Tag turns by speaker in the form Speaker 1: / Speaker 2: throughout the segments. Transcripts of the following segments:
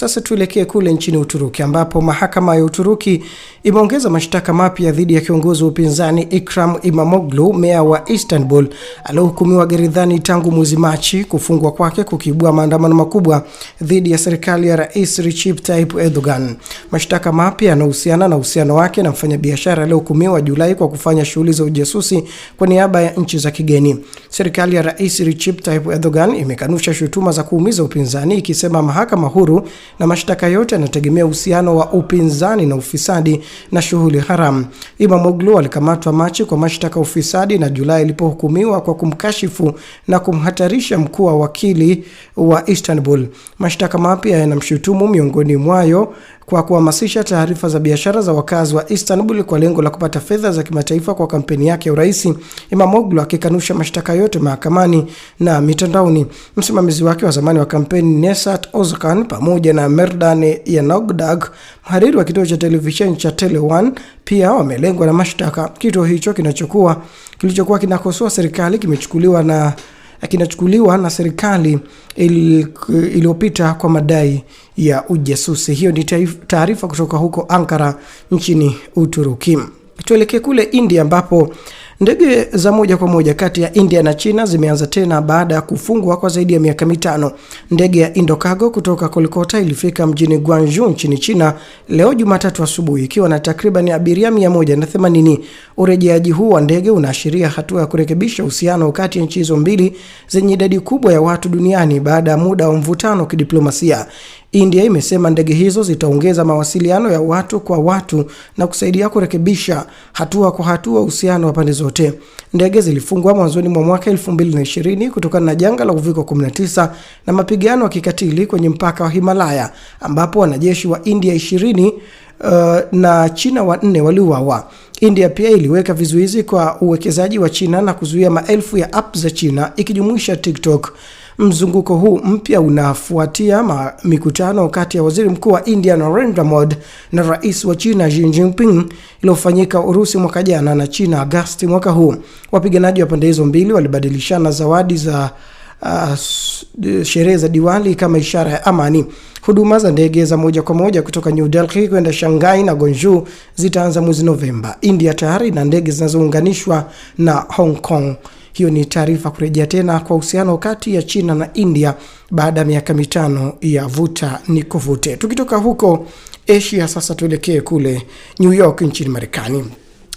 Speaker 1: Sasa tuelekee kule nchini Uturuki ambapo mahakama ya Uturuki imeongeza mashtaka mapya dhidi ya kiongozi wa upinzani Ikram Imamoglu, meya wa Istanbul, aliyohukumiwa gerezani tangu mwezi Machi. Kufungwa kwake kukiibua maandamano makubwa dhidi ya serikali ya Rais Recep Tayyip Erdogan. Mashtaka mapya yanahusiana na uhusiano wake na mfanyabiashara aliyohukumiwa Julai kwa kufanya shughuli za ujasusi kwa niaba ya nchi za kigeni. Serikali ya Rais Recep Tayyip Erdogan imekanusha shutuma za kuumiza upinzani ikisema mahakama huru na mashtaka yote yanategemea uhusiano wa upinzani na ufisadi na shughuli haramu. Imamoglu alikamatwa Machi kwa mashtaka ufisadi na Julai alipohukumiwa kwa kumkashifu na kumhatarisha mkuu wa wakili wa Istanbul. Mashtaka mapya yanamshutumu miongoni mwayo kwa kuhamasisha taarifa za biashara za wakazi wa Istanbul kwa lengo la kupata fedha za kimataifa kwa kampeni yake ya urais, Imamoglu akikanusha mashtaka yote mahakamani na mitandaoni. Msimamizi wake wa zamani wa kampeni Nesat Ozkan pamoja na Merdan Yanogdag, mhariri wa kituo cha televisheni cha Tele 1 pia wamelengwa na mashtaka. Kituo hicho kinachokuwa kilichokuwa kinakosoa serikali kimechukuliwa na kinachukuliwa na serikali iliyopita kwa madai ya ujasusi. Hiyo ni taarifa kutoka huko Ankara nchini Uturuki. Tuelekee kule India ambapo Ndege za moja kwa moja kati ya India na China zimeanza tena baada ya kufungwa kwa zaidi ya miaka mitano. Ndege ya Indocargo kutoka Kolkata ilifika mjini Guangzhou nchini China leo Jumatatu asubuhi ikiwa na takriban abiria 180. Urejeaji huu wa ndege unaashiria hatua ya kurekebisha uhusiano kati ya nchi hizo mbili zenye idadi kubwa ya watu duniani baada ya muda wa mvutano wa kidiplomasia. India imesema ndege hizo zitaongeza mawasiliano ya watu kwa watu na kusaidia kurekebisha hatua kwa hatua uhusiano wa pande zote. Ndege zilifungwa mwanzoni mwa mwaka 2020 kutokana na janga la uviko 19 na mapigano ya kikatili kwenye mpaka wa Himalaya ambapo wanajeshi wa India 20 Uh, na China wanne waliuawa. India pia iliweka vizuizi kwa uwekezaji wa China na kuzuia maelfu ya app za China ikijumuisha TikTok. Mzunguko huu mpya unafuatia mikutano kati ya waziri mkuu wa India Narendra Modi na rais wa China Xi Jinping iliyofanyika Urusi mwaka jana na China Agasti mwaka huu. Wapiganaji wa pande hizo mbili walibadilishana zawadi za Uh, sherehe za Diwali kama ishara ya amani. Huduma za ndege za moja kwa moja kutoka New Delhi kwenda Shanghai na Guangzhou zitaanza mwezi Novemba. India tayari na ndege zinazounganishwa na Hong Kong. Hiyo ni taarifa kurejea tena kwa uhusiano kati ya China na India baada ya miaka mitano ya vuta ni kuvute. Tukitoka huko Asia sasa tuelekee kule New York nchini Marekani.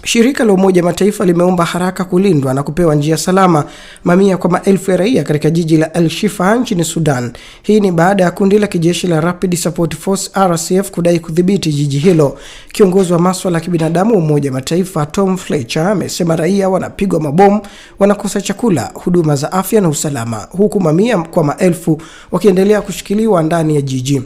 Speaker 1: Shirika la Umoja Mataifa limeomba haraka kulindwa na kupewa njia salama mamia kwa maelfu ya raia katika jiji la El Shifa nchini Sudan. Hii ni baada ya kundi la kijeshi la Rapid Support Force RSF kudai kudhibiti jiji hilo. Kiongozi wa maswala ya kibinadamu wa Umoja Mataifa Tom Fletcher amesema raia wanapigwa mabomu, wanakosa chakula, huduma za afya na usalama, huku mamia kwa maelfu wakiendelea kushikiliwa ndani ya jiji.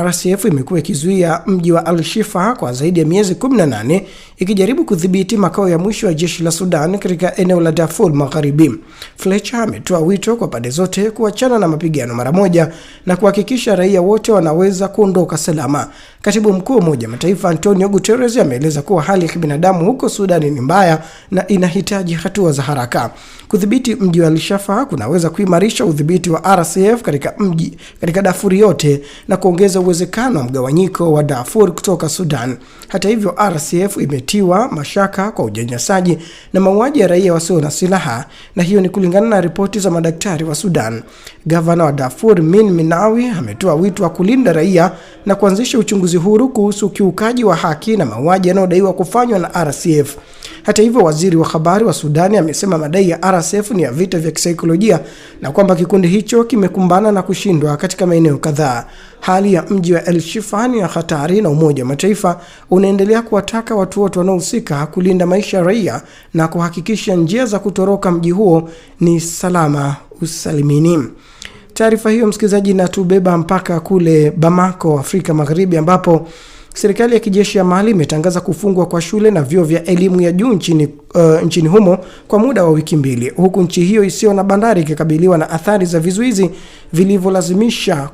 Speaker 1: RSF imekuwa ikizuia mji wa Al Shifa kwa zaidi ya miezi 18 ikijaribu kudhibiti kudhibiti makao ya mwisho ya jeshi la Sudan katika eneo la Darfur Magharibi. Fletcher ametoa wito kwa pande zote kuachana na mapigano mara moja na kuhakikisha raia wote wanaweza kuondoka salama. Katibu mkuu wa Umoja Mataifa Antonio Guterres ameeleza kuwa hali ya kibinadamu huko Sudani ni mbaya na inahitaji hatua za haraka. Kudhibiti mji wa Alshafa kunaweza kuimarisha udhibiti wa RSF katika mji katika Darfur yote na kuongeza uwezekano wa mgawanyiko wa Darfur kutoka Sudan. Hata hivyo, RSF imetiwa mashaka kwa unyanyasaji na mauaji ya raia wasio na silaha, na hiyo ni kulingana na ripoti za madaktari wa Sudan. Gavana wa Darfur Min Minawi ametoa wito wa kulinda raia na kuanzisha uchunguzi uchunguzi huru kuhusu ukiukaji wa haki na mauaji yanayodaiwa kufanywa na RSF. Hata hivyo, waziri wa habari wa Sudani amesema madai ya RSF ni ya vita vya kisaikolojia na kwamba kikundi hicho kimekumbana na kushindwa katika maeneo kadhaa. Hali ya mji wa El Shifa ni ya hatari na Umoja wa Mataifa unaendelea kuwataka watu wote wanaohusika kulinda maisha ya raia na kuhakikisha njia za kutoroka mji huo ni salama usalimini. Taarifa hiyo msikilizaji, inatubeba mpaka kule Bamako, Afrika Magharibi, ambapo serikali ya kijeshi ya Mali imetangaza kufungwa kwa shule na vyuo vya elimu ya juu nchini, uh, nchini humo kwa muda wa wiki mbili, huku nchi hiyo isiyo na bandari ikikabiliwa na athari za vizuizi vilivyolazimisha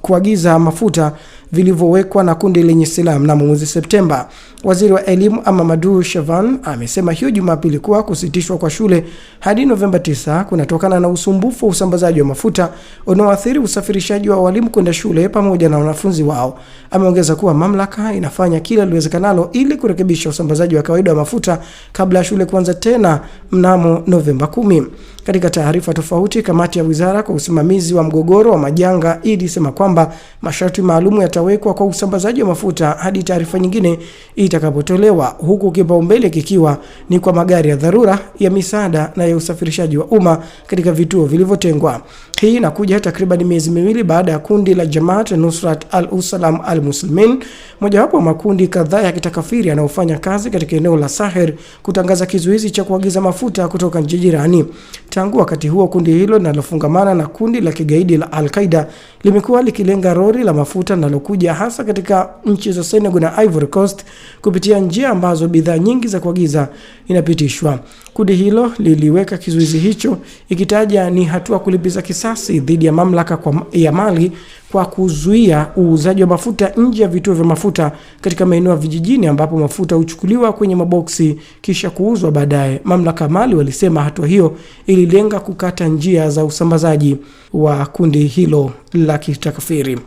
Speaker 1: kuagiza mafuta vilivyowekwa na kundi lenye silaha mnamo mwezi Septemba. Waziri wa elimu Amamadu Shavan amesema hiyo Jumapili kuwa kusitishwa kwa shule hadi Novemba 9 kunatokana na usumbufu wa usambazaji wa mafuta unaoathiri usafirishaji wa walimu kwenda shule pamoja na wanafunzi wao. Ameongeza kuwa mamlaka inafanya kila liwezekanalo ili kurekebisha usambazaji wa kawaida wa mafuta kabla ya shule kuanza tena mnamo Novemba 10. Katika taarifa tofauti, kamati ya wizara kwa usimamizi wa mgogoro wa majanga ilisema kwamba masharti maalumu ya zitawekwa kwa usambazaji wa mafuta hadi taarifa nyingine itakapotolewa, huku kipaumbele kikiwa ni kwa magari ya dharura ya misaada na ya usafirishaji wa umma katika vituo vilivyotengwa. Hii inakuja takriban miezi miwili baada ya kundi la Jamaat Nusrat al-Usalam al-Muslimin, mojawapo wa makundi kadhaa ya kitakafiri yanayofanya kazi katika eneo la Sahel, kutangaza kizuizi cha kuagiza mafuta kutoka nchi jirani. Tangu wakati huo, kundi hilo linalofungamana na kundi la kigaidi la Al-Qaeda limekuwa likilenga lori la mafuta na yanayokuja hasa katika nchi za Senegal na Ivory Coast kupitia njia ambazo bidhaa nyingi za kuagiza inapitishwa. Kundi hilo liliweka kizuizi hicho ikitaja ni hatua kulipiza kisasi dhidi ya mamlaka kwa ya Mali kwa kuzuia uuzaji wa mafuta nje ya vituo vya mafuta katika maeneo ya vijijini ambapo mafuta huchukuliwa kwenye maboksi kisha kuuzwa baadaye. Mamlaka ya Mali walisema hatua hiyo ililenga kukata njia za usambazaji wa kundi hilo la kitakfiri.